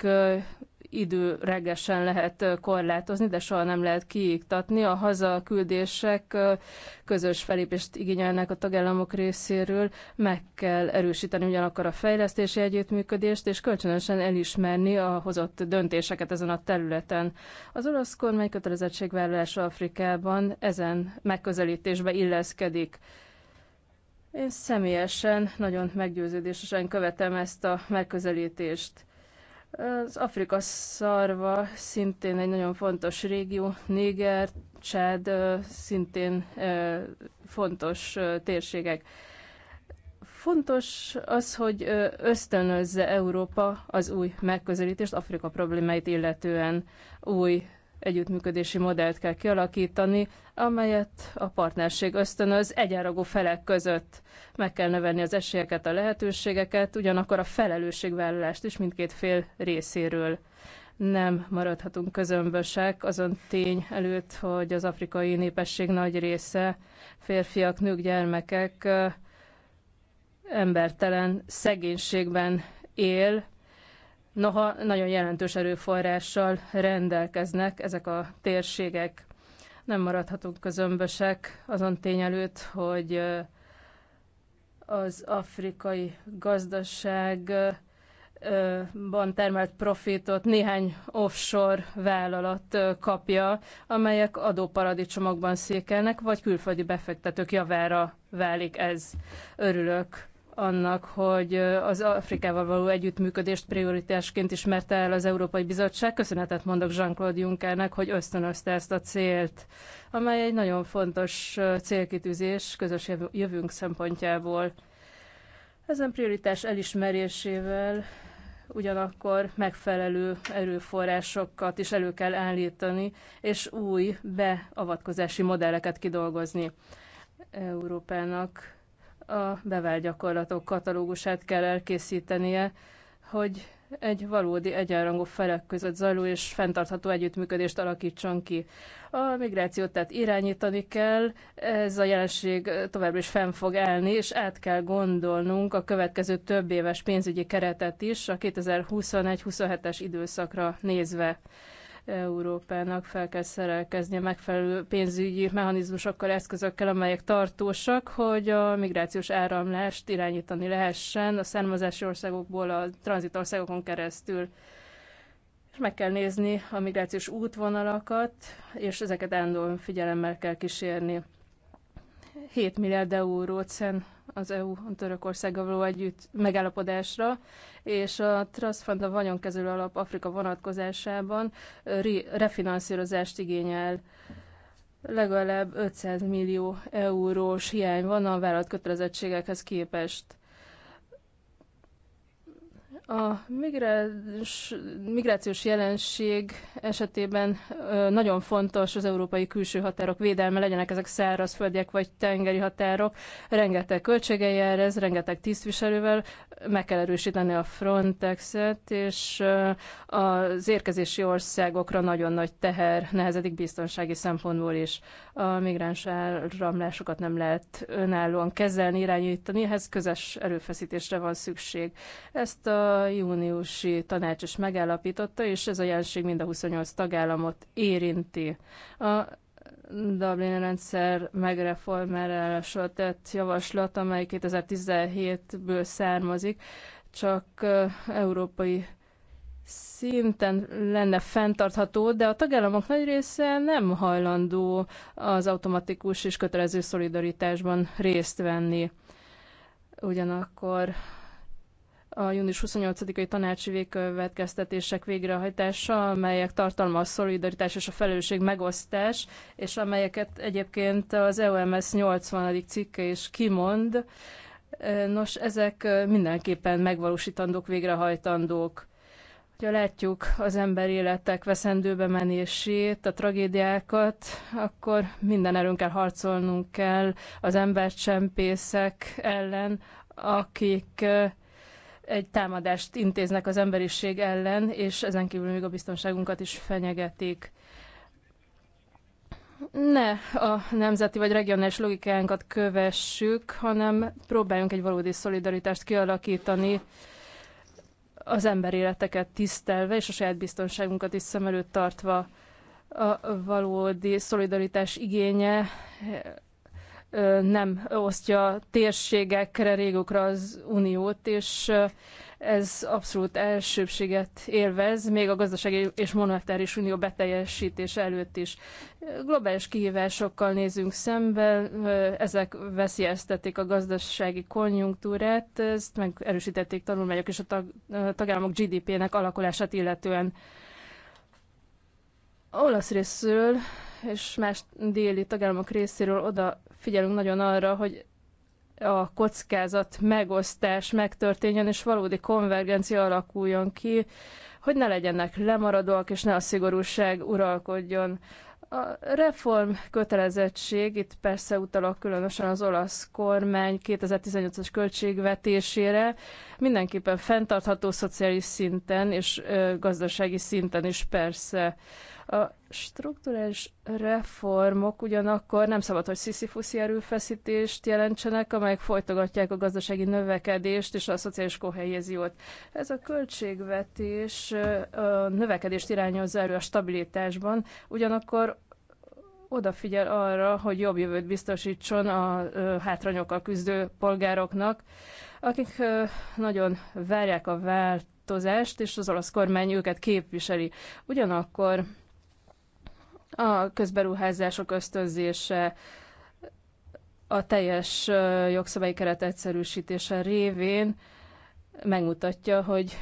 [SPEAKER 4] időregesen lehet korlátozni, de soha nem lehet kiiktatni. A hazaküldések közös felépést igényelnek a tagállamok részéről, meg kell erősíteni ugyanakkor a fejlesztési együttműködést, és kölcsönösen elismerni a hozott döntéseket ezen a területen. Az orosz kormány kötelezettségvállalása Afrikában ezen megközelítésbe illeszkedik. Én személyesen nagyon meggyőződésesen követem ezt a megközelítést. Az Afrika szarva szintén egy nagyon fontos régió, Niger, Csád szintén fontos térségek. Fontos az, hogy ösztönözze Európa az új megközelítést Afrika problémáit illetően új együttműködési modellt kell kialakítani, amelyet a partnerség ösztönöz egyenragú felek között. Meg kell növelni az esélyeket, a lehetőségeket, ugyanakkor a felelősségvállalást is mindkét fél részéről. Nem maradhatunk közömbösek azon tény előtt, hogy az afrikai népesség nagy része, férfiak, nők, gyermekek embertelen szegénységben él, Noha nagyon jelentős erőforrással rendelkeznek ezek a térségek. Nem maradhatunk közömbösek azon tény előtt, hogy az afrikai gazdaságban termelt profitot néhány offshore vállalat kapja, amelyek adóparadicsomokban székelnek, vagy külföldi befektetők javára válik ez. Örülök annak, hogy az Afrikával való együttműködést prioritásként ismerte el az Európai Bizottság. Köszönetet mondok Jean-Claude Junckernek, hogy ösztönözte ezt a célt, amely egy nagyon fontos célkitűzés közös jövőnk szempontjából. Ezen prioritás elismerésével ugyanakkor megfelelő erőforrásokat is elő kell állítani, és új beavatkozási modelleket kidolgozni Európának a bevált gyakorlatok katalógusát kell elkészítenie, hogy egy valódi egyenrangú felek között zajló és fenntartható együttműködést alakítson ki. A migrációt tehát irányítani kell, ez a jelenség továbbra is fenn fog állni, és át kell gondolnunk a következő több éves pénzügyi keretet is a 2021-27-es időszakra nézve. Európának fel kell szerelkezni a megfelelő pénzügyi mechanizmusokkal, eszközökkel, amelyek tartósak, hogy a migrációs áramlást irányítani lehessen a származási országokból a tranzitországokon keresztül. És meg kell nézni a migrációs útvonalakat, és ezeket állandóan figyelemmel kell kísérni. 7 milliárd eurót szent az EU Törökországgal való együtt megállapodásra, és a Trust Fund a vagyonkezelő alap Afrika vonatkozásában refinanszírozást igényel. Legalább 500 millió eurós hiány van a vállalat kötelezettségekhez képest. A migráns, migrációs jelenség esetében nagyon fontos az európai külső határok védelme, legyenek ezek szárazföldiek vagy tengeri határok. Rengeteg költsége jár ez, rengeteg tisztviselővel meg kell erősíteni a Frontexet, és az érkezési országokra nagyon nagy teher nehezedik biztonsági szempontból is. A migráns áramlásokat nem lehet önállóan kezelni, irányítani, ehhez közös erőfeszítésre van szükség. Ezt a a júniusi tanács is megállapította, és ez a jelenség mind a 28 tagállamot érinti. A Dublin rendszer megreformálása tett javaslat, amely 2017-ből származik, csak európai szinten lenne fenntartható, de a tagállamok nagy része nem hajlandó az automatikus és kötelező szolidaritásban részt venni. Ugyanakkor a június 28-ai tanácsi végkövetkeztetések végrehajtása, amelyek tartalma a szolidaritás és a felelősség megosztás, és amelyeket egyébként az EOMS 80. cikke is kimond. Nos, ezek mindenképpen megvalósítandók, végrehajtandók. Ha látjuk az ember életek veszendőbe menését, a tragédiákat, akkor minden erőnkkel harcolnunk kell az embercsempészek ellen, akik egy támadást intéznek az emberiség ellen, és ezen kívül még a biztonságunkat is fenyegetik. Ne a nemzeti vagy regionális logikánkat kövessük, hanem próbáljunk egy valódi szolidaritást kialakítani, az életeket tisztelve, és a saját biztonságunkat is szem előtt tartva a valódi szolidaritás igénye nem osztja térségekre, régokra az uniót, és ez abszolút elsőbséget élvez, még a gazdasági és monetáris unió beteljesítés előtt is. Globális kihívásokkal nézünk szembe, ezek veszélyeztették a gazdasági konjunktúrát, ezt erősítették tanulmányok és a tagállamok GDP-nek alakulását illetően. Olasz részről és más déli tagállamok részéről oda figyelünk nagyon arra, hogy a kockázat megosztás megtörténjen, és valódi konvergencia alakuljon ki, hogy ne legyenek lemaradóak, és ne a szigorúság uralkodjon. A reform kötelezettség, itt persze utalok különösen az olasz kormány 2018-as költségvetésére, mindenképpen fenntartható szociális szinten és ö, gazdasági szinten is persze. A strukturális reformok ugyanakkor nem szabad, hogy sziszifuszi erőfeszítést jelentsenek, amelyek folytogatják a gazdasági növekedést és a szociális kohéziót. Ez a költségvetés a növekedést irányozza elő a stabilitásban, ugyanakkor odafigyel arra, hogy jobb jövőt biztosítson a hátrányokkal küzdő polgároknak, akik nagyon várják a változást, és az olasz kormány őket képviseli. Ugyanakkor a közberuházások ösztönzése, a teljes jogszabályi keret egyszerűsítése révén megmutatja, hogy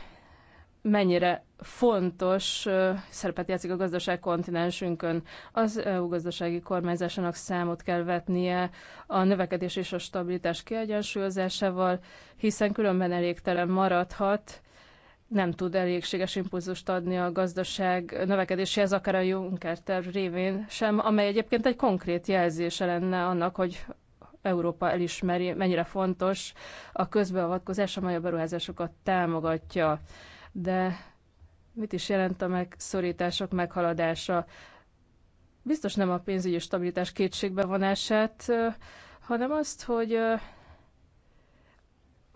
[SPEAKER 4] mennyire fontos szerepet játszik a gazdaság kontinensünkön. Az EU gazdasági kormányzásának számot kell vetnie a növekedés és a stabilitás kiegyensúlyozásával, hiszen különben elégtelen maradhat nem tud elégséges impulzust adni a gazdaság növekedéséhez, akár a Juncker terv révén sem, amely egyébként egy konkrét jelzése lenne annak, hogy Európa elismeri, mennyire fontos a közbeavatkozás, amely a beruházásokat támogatja. De mit is jelent a megszorítások meghaladása? Biztos nem a pénzügyi stabilitás kétségbevonását, hanem azt, hogy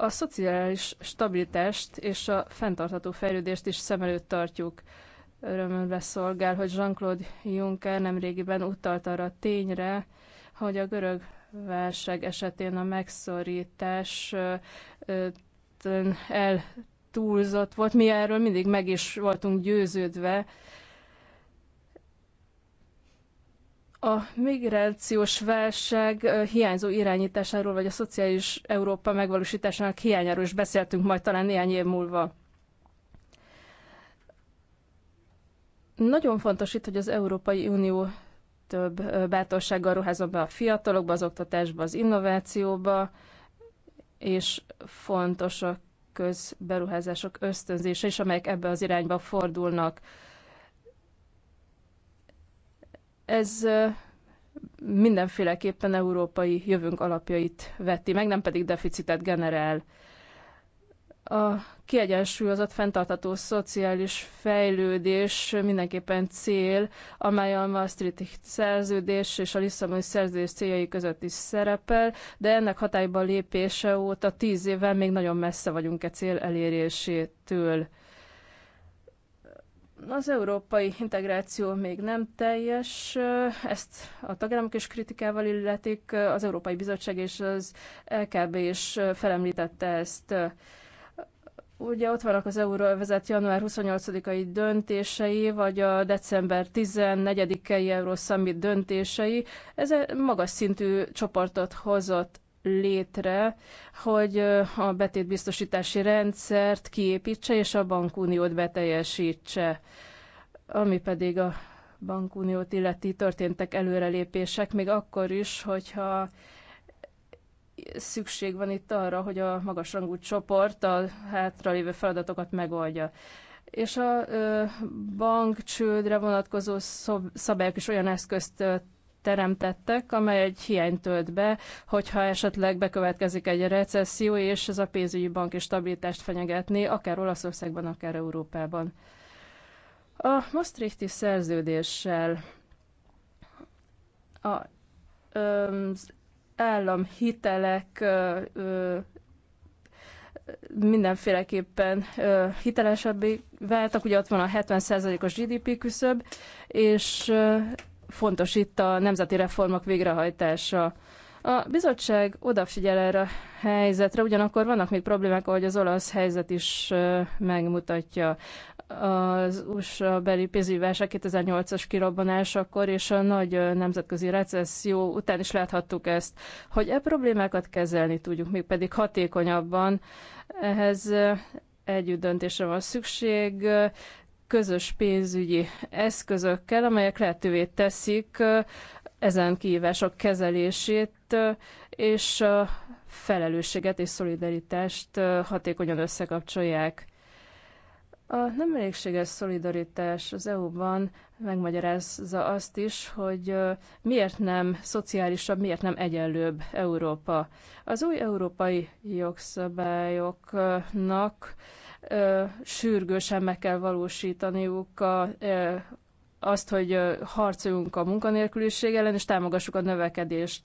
[SPEAKER 4] a szociális stabilitást és a fenntartható fejlődést is szem előtt tartjuk. Örömömre szolgál, hogy Jean-Claude Juncker nemrégiben utalt arra a tényre, hogy a görög válság esetén a megszorítás el túlzott volt. Mi erről mindig meg is voltunk győződve, a migrációs válság hiányzó irányításáról, vagy a szociális Európa megvalósításának hiányáról is beszéltünk majd talán néhány év múlva. Nagyon fontos itt, hogy az Európai Unió több bátorsággal ruházom be a fiatalokba, az oktatásba, az innovációba, és fontos a közberuházások ösztönzése is, amelyek ebbe az irányba fordulnak. Ez mindenféleképpen európai jövőnk alapjait veti meg, nem pedig deficitet generál. A kiegyensúlyozott fenntartató szociális fejlődés mindenképpen cél, amely a Maastricht szerződés és a Lisszaboni szerződés céljai között is szerepel, de ennek hatályba lépése óta tíz évvel még nagyon messze vagyunk e cél elérésétől. Az európai integráció még nem teljes, ezt a tagállamok is kritikával illetik, az Európai Bizottság és az LKB is felemlítette ezt. Ugye ott vannak az euróvezet január 28-ai döntései, vagy a december 14 ei Euró döntései. Ez magas szintű csoportot hozott létre, hogy a betétbiztosítási rendszert kiépítse és a bankuniót beteljesítse. Ami pedig a bankuniót illeti történtek előrelépések, még akkor is, hogyha szükség van itt arra, hogy a magasrangú csoport a hátralévő feladatokat megoldja. És a bankcsődre vonatkozó szabályok is olyan eszközt teremtettek, amely egy hiányt tölt be, hogyha esetleg bekövetkezik egy recesszió, és ez a pénzügyi banki stabilitást fenyegetni, akár Olaszországban, akár Európában. A Maastrichti szerződéssel a, az államhitelek mindenféleképpen hitelesebbé váltak, ugye ott van a 70%-os GDP küszöb, és fontos itt a nemzeti reformok végrehajtása. A bizottság odafigyel erre a helyzetre, ugyanakkor vannak még problémák, ahogy az olasz helyzet is megmutatja. Az USA beli pénzügyi válság 2008-as kirobbanásakor és a nagy nemzetközi recesszió után is láthattuk ezt, hogy e problémákat kezelni tudjuk, még pedig hatékonyabban. Ehhez együtt döntésre van szükség, közös pénzügyi eszközökkel, amelyek lehetővé teszik ezen kihívások kezelését, és felelősséget és szolidaritást hatékonyan összekapcsolják. A nem elégséges szolidaritás az EU-ban megmagyarázza azt is, hogy miért nem szociálisabb, miért nem egyenlőbb Európa. Az új európai jogszabályoknak sürgősen meg kell valósítaniuk a, azt, hogy harcoljunk a munkanélküliség ellen, és támogassuk a növekedést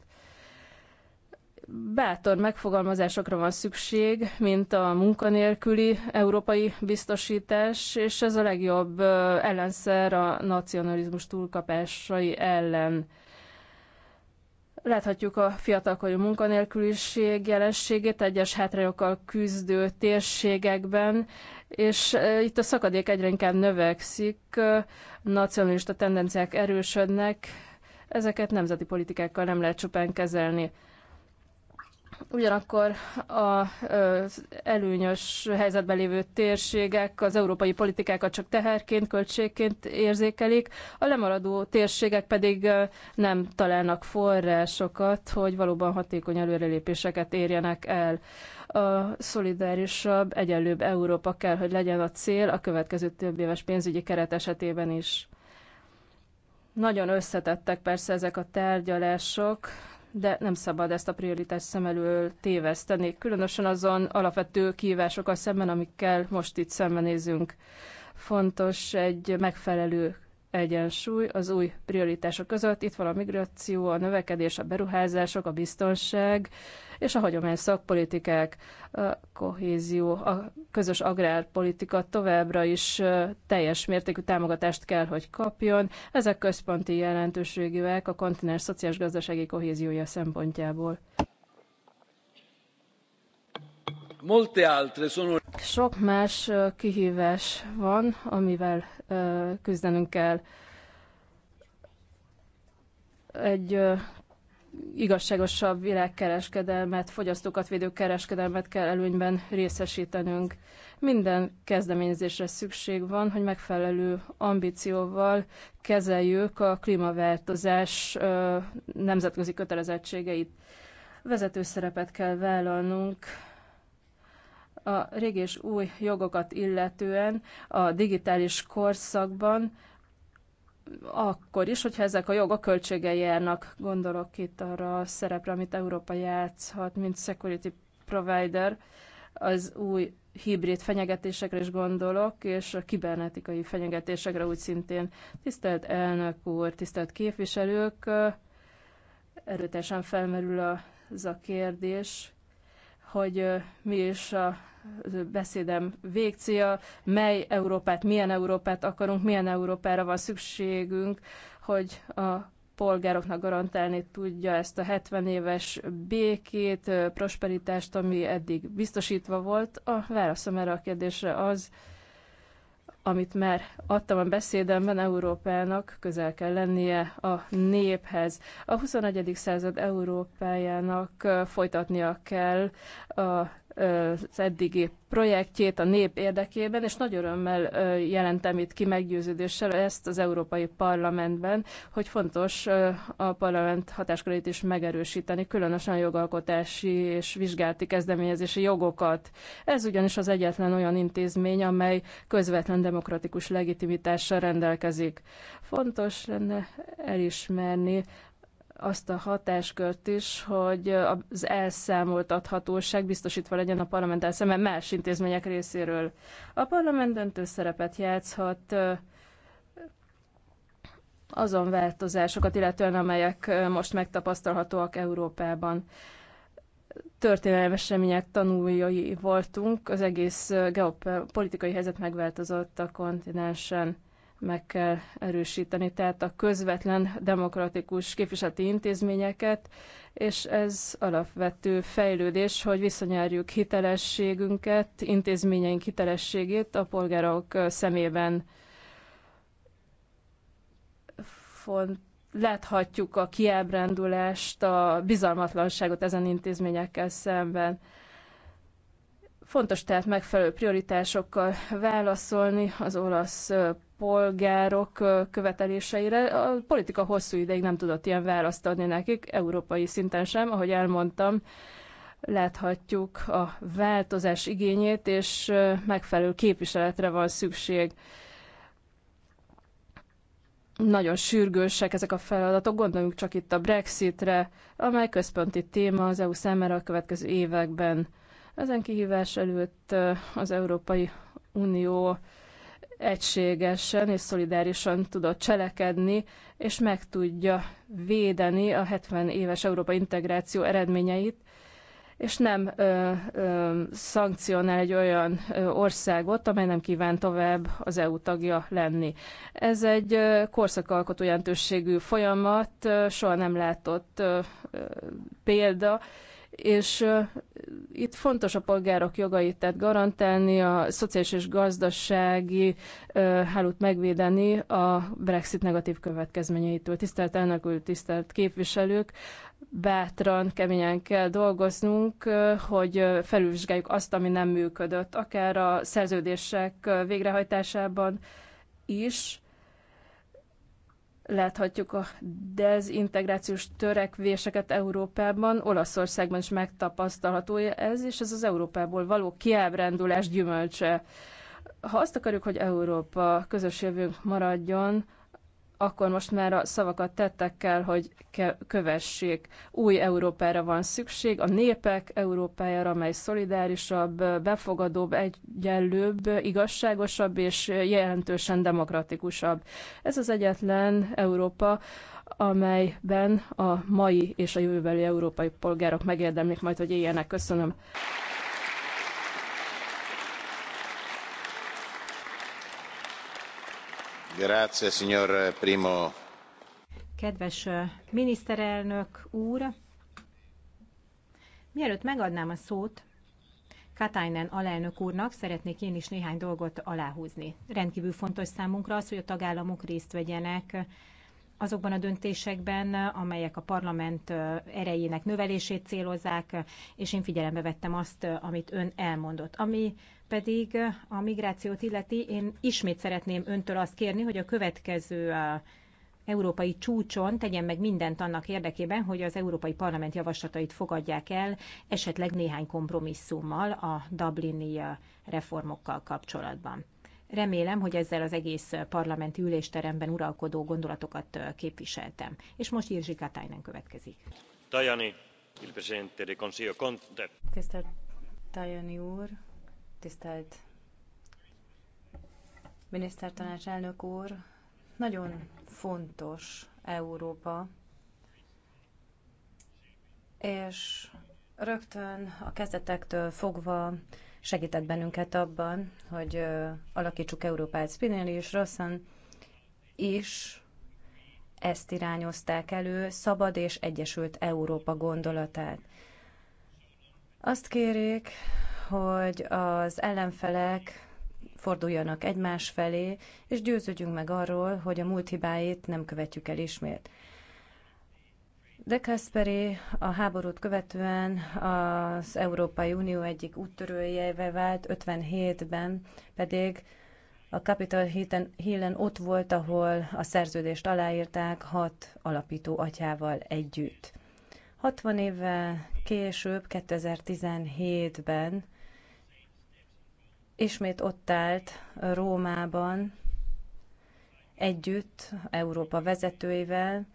[SPEAKER 4] bátor megfogalmazásokra van szükség, mint a munkanélküli európai biztosítás, és ez a legjobb ellenszer a nacionalizmus túlkapásai ellen. Láthatjuk a fiatalkorú munkanélküliség jelenségét egyes hátrányokkal küzdő térségekben, és e, itt a szakadék egyre inkább növekszik, e, nacionalista tendenciák erősödnek, ezeket nemzeti politikákkal nem lehet csupán kezelni. Ugyanakkor az előnyös helyzetben lévő térségek az európai politikákat csak teherként, költségként érzékelik, a lemaradó térségek pedig nem találnak forrásokat, hogy valóban hatékony előrelépéseket érjenek el. A szolidárisabb, egyenlőbb Európa kell, hogy legyen a cél a következő több éves pénzügyi keret esetében is. Nagyon összetettek persze ezek a tárgyalások, de nem szabad ezt a prioritást szem elől téveszteni, különösen azon alapvető kihívásokkal szemben, amikkel most itt szembenézünk. Fontos egy megfelelő egyensúly az új prioritások között. Itt van a migráció, a növekedés, a beruházások, a biztonság és a hagyomány szakpolitikák, a kohézió, a közös agrárpolitika továbbra is teljes mértékű támogatást kell, hogy kapjon. Ezek központi jelentőségűek a kontinens szociális gazdasági kohéziója szempontjából. Sok más kihívás van, amivel küzdenünk kell. Egy igazságosabb világkereskedelmet, fogyasztókat védő kereskedelmet kell előnyben részesítenünk. Minden kezdeményezésre szükség van, hogy megfelelő ambícióval kezeljük a klímaváltozás nemzetközi kötelezettségeit. Vezető szerepet kell vállalnunk a régi és új jogokat illetően a digitális korszakban, akkor is, hogyha ezek a jogok költségei járnak, gondolok itt arra a szerepre, amit Európa játszhat, mint security provider, az új hibrid fenyegetésekre is gondolok, és a kibernetikai fenyegetésekre úgy szintén. Tisztelt elnök úr, tisztelt képviselők, erőteljesen felmerül az a kérdés, hogy mi is a beszédem végcélja, mely Európát, milyen Európát akarunk, milyen Európára van szükségünk, hogy a polgároknak garantálni tudja ezt a 70 éves békét, prosperitást, ami eddig biztosítva volt. A válaszom erre a kérdésre az, amit már adtam a beszédemben, Európának közel kell lennie a néphez. A 21. század Európájának folytatnia kell a az eddigi projektjét a nép érdekében, és nagy örömmel jelentem itt ki meggyőződéssel ezt az Európai Parlamentben, hogy fontos a parlament hatáskörét is megerősíteni, különösen a jogalkotási és vizsgálati kezdeményezési jogokat. Ez ugyanis az egyetlen olyan intézmény, amely közvetlen demokratikus legitimitással rendelkezik. Fontos lenne elismerni azt a hatáskört is, hogy az adhatóság biztosítva legyen a parlament szemben más intézmények részéről. A parlament döntő szerepet játszhat azon változásokat, illetően amelyek most megtapasztalhatóak Európában. Történelmi események tanújai voltunk, az egész geopolitikai helyzet megváltozott a kontinensen meg kell erősíteni, tehát a közvetlen demokratikus képviseleti intézményeket, és ez alapvető fejlődés, hogy visszanyerjük hitelességünket, intézményeink hitelességét a polgárok szemében. Font láthatjuk a kiábrándulást, a bizalmatlanságot ezen intézményekkel szemben. Fontos tehát megfelelő prioritásokkal válaszolni az olasz polgárok követeléseire. A politika hosszú ideig nem tudott ilyen választ adni nekik, európai szinten sem, ahogy elmondtam. Láthatjuk a változás igényét, és megfelelő képviseletre van szükség nagyon sürgősek ezek a feladatok. Gondoljunk csak itt a Brexitre, amely központi téma az EU számára a következő években. Ezen kihívás előtt az Európai Unió egységesen és szolidárisan tudott cselekedni, és meg tudja védeni a 70 éves Európa integráció eredményeit, és nem ö, ö, szankcionál egy olyan ö, országot, amely nem kíván tovább az EU tagja lenni. Ez egy ö, korszakalkotó jelentőségű folyamat, ö, soha nem látott ö, ö, példa, és itt fontos a polgárok jogait, tehát garantálni, a szociális és gazdasági hálót megvédeni a Brexit negatív következményeitől. Tisztelt elnök úr, tisztelt képviselők, bátran, keményen kell dolgoznunk, hogy felülvizsgáljuk azt, ami nem működött, akár a szerződések végrehajtásában is, Láthatjuk a dezintegrációs törekvéseket Európában, Olaszországban is megtapasztalható ez, és ez az Európából való kiábrándulás gyümölcse. Ha azt akarjuk, hogy Európa közös jövőnk maradjon, akkor most már a szavakat tettek kell, hogy kövessék. Új Európára van szükség, a népek Európájára, amely szolidárisabb, befogadóbb, egyenlőbb, igazságosabb és jelentősen demokratikusabb. Ez az egyetlen Európa, amelyben a mai és a jövőbeli európai polgárok megérdemlik majd, hogy éljenek. Köszönöm.
[SPEAKER 2] Kedves eh, miniszterelnök úr, mielőtt megadnám a szót Katainen alelnök úrnak, szeretnék én is néhány dolgot aláhúzni. Rendkívül fontos számunkra az, hogy a tagállamok részt vegyenek azokban a döntésekben, amelyek a parlament eh, erejének növelését célozzák, és én figyelembe vettem azt, eh, amit ön elmondott. Ami pedig eh, a migrációt illeti, én ismét szeretném öntől azt kérni, hogy a következő eh, európai csúcson tegyen meg mindent annak érdekében, hogy az Európai Parlament javaslatait fogadják el, esetleg néhány kompromisszummal a Dublini eh, reformokkal kapcsolatban. Remélem, hogy ezzel az egész parlamenti ülésteremben uralkodó gondolatokat képviseltem. És most Jirzsi Katainen következik.
[SPEAKER 3] Tajani, il presidente del Consiglio Conte.
[SPEAKER 1] Tisztelt Tajani úr, tisztelt minisztertanács elnök úr! Nagyon fontos Európa, és rögtön a kezdetektől fogva segített bennünket abban, hogy alakítsuk Európát Spinelli és Rosszan is ezt irányozták elő, szabad és egyesült Európa gondolatát. Azt kérik, hogy az ellenfelek forduljanak egymás felé, és győződjünk meg arról, hogy a múlt hibáit nem követjük el ismét. De Kasperi a háborút követően az Európai Unió egyik úttörőjeve vált, 57-ben pedig a Capital Hillen ott volt, ahol a szerződést aláírták hat alapító atyával együtt. 60 évvel később, 2017-ben ismét ott állt Rómában együtt Európa vezetőivel,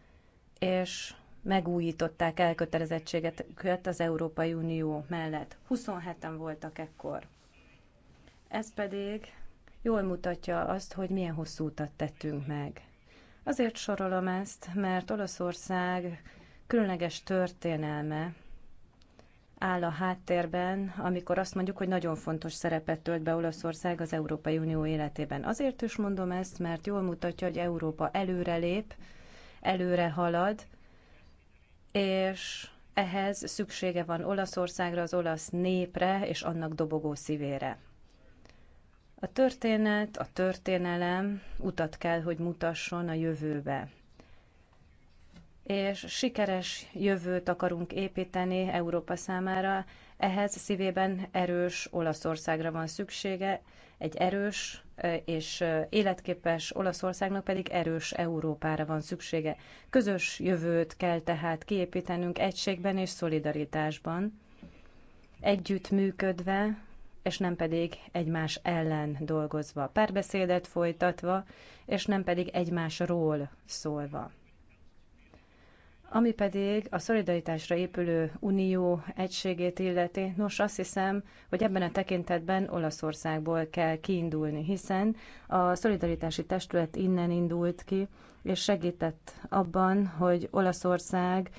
[SPEAKER 1] és megújították elkötelezettségeket az Európai Unió mellett. 27-en voltak ekkor. Ez pedig jól mutatja azt, hogy milyen hosszú utat tettünk meg. Azért sorolom ezt, mert Olaszország különleges történelme áll a háttérben, amikor azt mondjuk, hogy nagyon fontos szerepet tölt be Olaszország az Európai Unió életében. Azért is mondom ezt, mert jól mutatja, hogy Európa előrelép, előre halad, és ehhez szüksége van Olaszországra, az olasz népre és annak dobogó szívére. A történet, a történelem utat kell, hogy mutasson a jövőbe és sikeres jövőt akarunk építeni Európa számára. Ehhez szívében erős Olaszországra van szüksége, egy erős és életképes Olaszországnak pedig erős Európára van szüksége. Közös jövőt kell tehát kiépítenünk egységben és szolidaritásban, együtt működve és nem pedig egymás ellen dolgozva, párbeszédet folytatva, és nem pedig egymásról szólva. Ami pedig a szolidaritásra épülő unió egységét illeti, nos azt hiszem, hogy ebben a tekintetben Olaszországból kell kiindulni, hiszen a szolidaritási testület innen indult ki, és segített abban, hogy Olaszország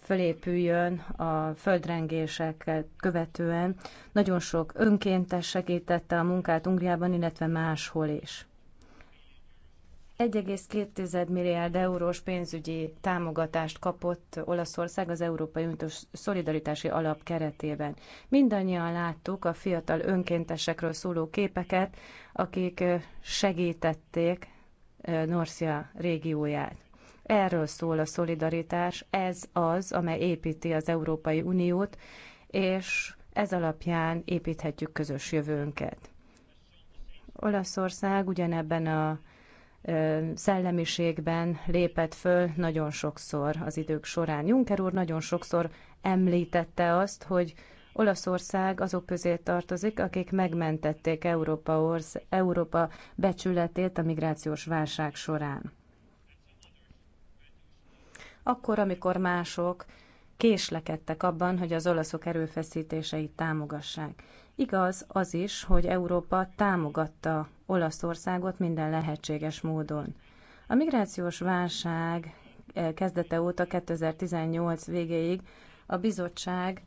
[SPEAKER 1] fölépüljön a földrengéseket követően. Nagyon sok önkéntes segítette a munkát Ungriában, illetve máshol is. 1,2 milliárd eurós pénzügyi támogatást kapott Olaszország az Európai Uniós Szolidaritási Alap keretében. Mindannyian láttuk a fiatal önkéntesekről szóló képeket, akik segítették Norcia régióját. Erről szól a szolidaritás, ez az, amely építi az Európai Uniót, és ez alapján építhetjük közös jövőnket. Olaszország ugyanebben a szellemiségben lépett föl nagyon sokszor az idők során. Juncker úr nagyon sokszor említette azt, hogy Olaszország azok közé tartozik, akik megmentették Európa, orsz, Európa becsületét a migrációs válság során. Akkor, amikor mások késlekedtek abban, hogy az olaszok erőfeszítéseit támogassák. Igaz az is, hogy Európa támogatta Olaszországot minden lehetséges módon. A migrációs válság eh, kezdete óta 2018 végéig a bizottság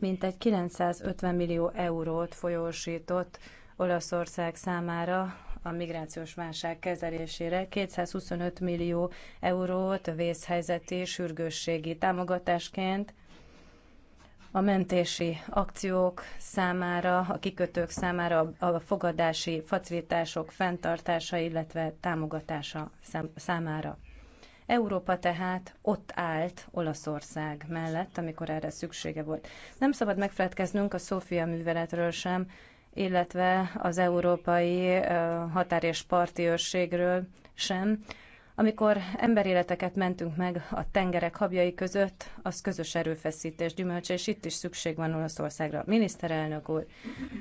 [SPEAKER 1] mintegy 950 millió eurót folyósított Olaszország számára a migrációs válság kezelésére, 225 millió eurót vészhelyzeti sürgősségi támogatásként, a mentési akciók számára, a kikötők számára, a fogadási facilitások fenntartása, illetve támogatása számára. Európa tehát ott állt Olaszország mellett, amikor erre szüksége volt. Nem szabad megfelelkeznünk a Szófia műveletről sem, illetve az európai határ és parti őrségről sem, amikor emberéleteket mentünk meg a tengerek habjai között, az közös erőfeszítés gyümölcse, és itt is szükség van Olaszországra. Miniszterelnök úr,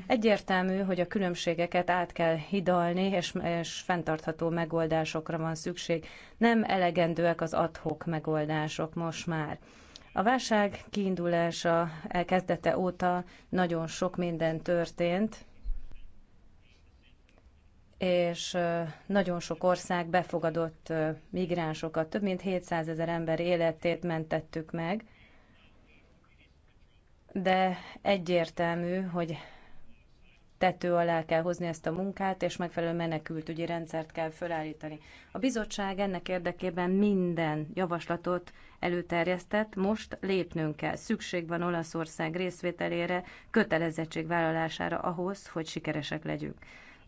[SPEAKER 1] egyértelmű, hogy a különbségeket át kell hidalni, és, és fenntartható megoldásokra van szükség. Nem elegendőek az adhok megoldások most már. A válság kiindulása elkezdete óta nagyon sok minden történt, és nagyon sok ország befogadott migránsokat. Több mint 700 ezer ember életét mentettük meg, de egyértelmű, hogy tető alá kell hozni ezt a munkát, és megfelelő menekültügyi rendszert kell felállítani. A bizottság ennek érdekében minden javaslatot előterjesztett, most lépnünk kell. Szükség van Olaszország részvételére, vállalására ahhoz, hogy sikeresek legyünk.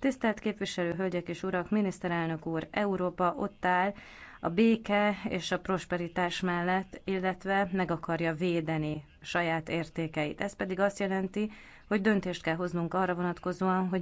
[SPEAKER 1] Tisztelt képviselő hölgyek és urak, miniszterelnök úr, Európa ott áll a béke és a prosperitás mellett, illetve meg akarja védeni saját értékeit. Ez pedig azt jelenti, hogy döntést kell hoznunk arra vonatkozóan, hogy